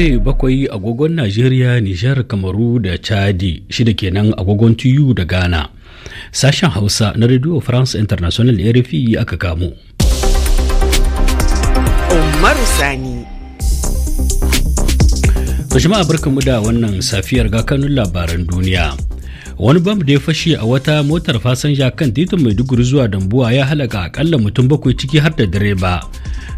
karfe bakwai agogon Najeriya, Nijar, Kamaru da Chadi, shida kenan agogon TU da Ghana. Sashen Hausa na Radio France International RFI aka kamo. Umaru Sani. jama'a barkanmu da wannan safiyar gakanun labaran duniya. Wani bam da ya fashe a wata motar fasanja kan titin Maiduguri zuwa Dambuwa ya halaka akalla mutum bakwai ciki har da direba.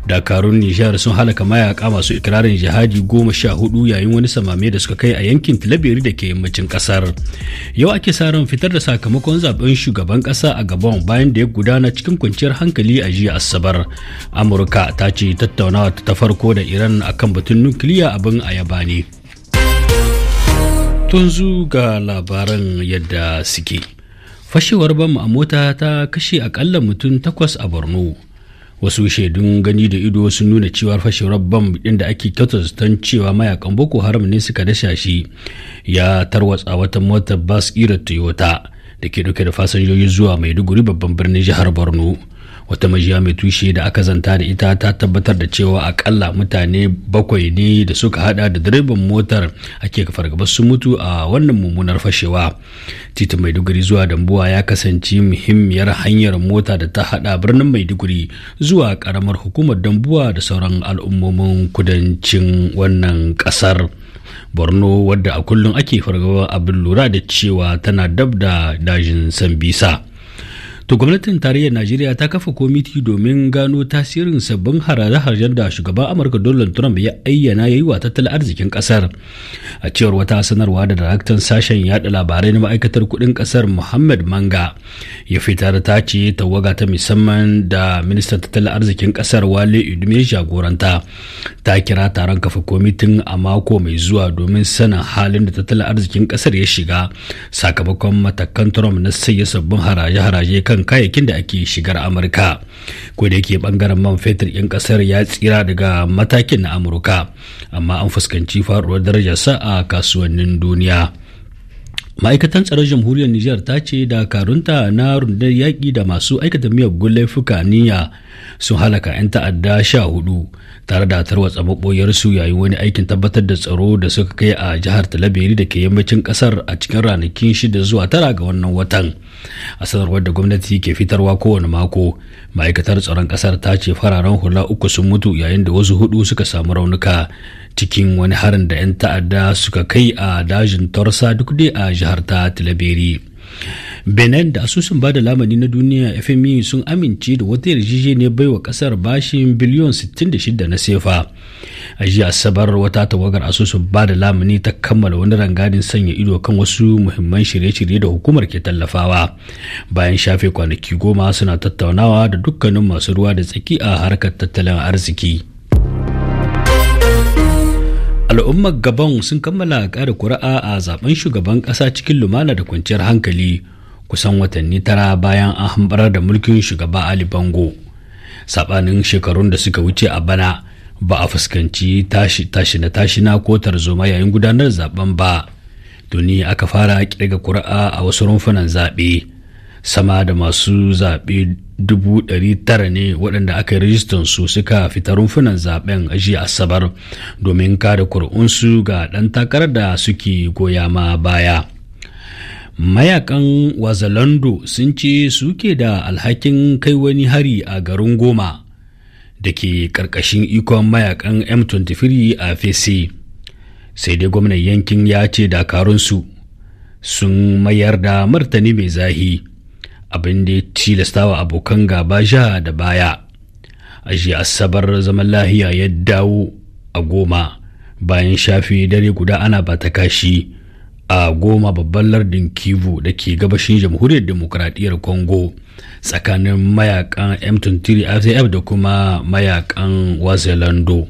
dakarun nijar sun halaka mayaka masu ikirarin jihadi goma sha hudu yayin wani samame da suka kai a yankin tilabiri da ke yammacin kasar yau ake sa ran fitar da sakamakon zaben shugaban kasa a gabon bayan da ya gudana cikin kwanciyar hankali a jiya asabar amurka ta ce tattaunawa ta farko da iran akan batun nukiliya abin a yaba ne tunzu ga labaran yadda suke fashewar bam a mota ta kashe akalla mutum takwas a borno wasu shaidun gani da ido sun nuna cewar fashewar bam din da ake kyautatan cewa mayakan boko haram ne suka dasha shi ya tarwatsa wata motar bas ira toyota da ke dauke da fasinjoji zuwa maiduguri babban birnin jihar borno wata majiya mai tushe da aka zanta da ita ta tabbatar da cewa akalla mutane bakwai ne da suka hada da direban motar ake fargabar su mutu a wannan mummunar fashewa titin maiduguri zuwa dambuwa ya kasance muhimmiyar hanyar mota da ta hada birnin maiduguri zuwa karamar hukumar dambuwa da sauran al'ummomin kudancin wannan kasar borno wadda a kullum ake fargaba abin lura da cewa tana dab da dajin sambisa To gwamnatin tarayyar Najeriya ta kafa komiti domin gano tasirin sabbin haraje-harajen da shugaban Amurka Donald Trump ya ayyana ya yi wa tattalin arzikin kasar. A cewar wata sanarwa da daraktan sashen yada labarai na ma'aikatar kudin kasar Muhammad Manga ya fitar ta ce tawaga ta musamman da ministan tattalin arzikin kasar Wale Idume jagoranta ta kira taron kafa komitin a mako mai zuwa domin sanin halin da tattalin arzikin kasar ya shiga sakamakon matakan Trump na sayi sabbin haraje-haraje kan dukkan kayayyakin da ake shigar amurka ko da yake bangaren man fetur yan kasar ya tsira daga matakin na amurka amma an fuskanci faruwar darajarsa a kasuwannin duniya ma'aikatan tsaron jamhuriyar niger ta ce da karunta na rundunar yaƙi da masu aikata miyagun laifuka niyya sun halaka 'yan ta'adda sha hudu tare da tarwatsa maɓoyarsu yayin wani aikin tabbatar da tsaro da suka kai a jihar talabiri da ke yammacin kasar a cikin ranakin shida zuwa tara ga wannan watan a sanarwar da gwamnati ke fitarwa kowane mako ma'aikatar tsaron kasar ta ce fararen hula uku sun mutu yayin da wasu hudu suka samu raunuka cikin wani harin da 'yan ta'adda suka kai a dajin torsa duk dai a jihar ta talabiri benin da asusun bada lamani na duniya fmi sun amince da wata yarjejeniyar baiwa kasar bashin biliyon 66 na sefa a jiya asabar wata tawagar asusun bada lamani ta kammala wani rangadin sanya ido kan wasu muhimman shirye-shirye da hukumar ke tallafawa bayan shafe kwanaki goma suna tattaunawa da dukkanin masu ruwa da tsaki a harkar tattalin arziki al'ummar gabon sun kammala kara kuri'a a zaben shugaban ƙasa cikin lumana da kwanciyar hankali kusan watanni tara bayan an hambarar da mulkin shugaba ali bango saɓanin shekarun da suka wuce a bana ba a fuskanci tashi tashi na tashi na ko tarzoma yayin gudanar zaben ba tuni aka fara kirga kura'a a wasu rumfunan zaɓe sama da masu zaɓe dubu ɗari tara ne waɗanda aka yi rajistan su suka fita rumfunan zaɓen jiya asabar domin kada su ga ɗan takarar da suke goya ma baya mayakan wazalando sun ce suke da alhakin kai wani hari a garin goma da ke ƙarƙashin ikon mayakan m23 a fese sai dai gwamnan yankin ya ce dakarunsu sun mayar da martani mai zahi abin da tilastawa abokan gaba sha da baya a asabar zaman lahiya ya dawo a goma bayan shafe dare guda ana ba ta kashi a goma babban lardin kivu da ke gabashin jamhuriyar demokuraɗiyyar congo tsakanin mayakan m23 fcf da kuma mayakan wazelando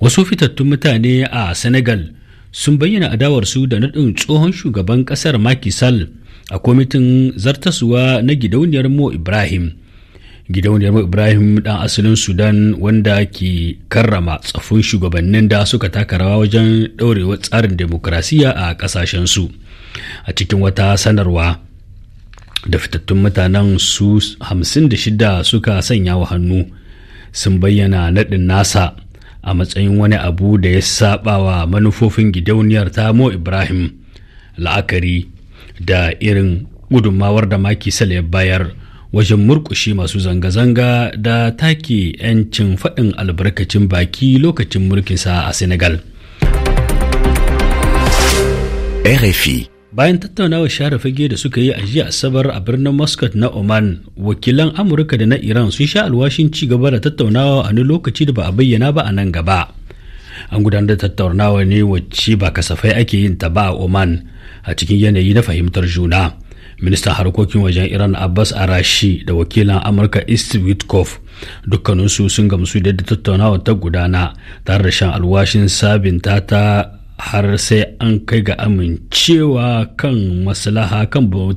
wasu fitattun mutane a senegal sun bayyana adawarsu da naɗin tsohon shugaban ƙasar makisal a kwamitin zartaswa na gidauniyar mo ibrahim gidauniyar ibrahim dan asalin sudan wanda ke karrama tsafin shugabannin da suka taka rawa wajen ɗaurewar tsarin demokrasiya a ƙasashensu a cikin wata sanarwa da fitattun mutanen su 56 suka sanya wa hannu sun bayyana naɗin nasa a matsayin wani abu da ya saba wa manufofin gidauniyar tamo ibrahim la'akari da irin gudunmawar da maki ya bayar wajen murƙushe masu zanga-zanga da take 'yancin faɗin albarkacin baki lokacin mulkinsa a senegal RFI. Bayan tattaunawar share fage da suka yi a jiya Asabar a birnin Muscat na Oman, wakilan Amurka da na Iran sun sha alwashin ci gaba da tattaunawa a wani lokaci da ba a bayyana ba a nan gaba. An gudanar da tattaunawa ne wacce ba kasafai ake yin ta ba a Oman a cikin yanayi na fahimtar juna. ministan harkokin wajen iran abbas arashi da wakilan amurka east witkoff dukkaninsu sun gamsu da tattaunawa ta gudana tare da shan alwashin sabinta ta har sai an kai ga amincewa kan maslaha kan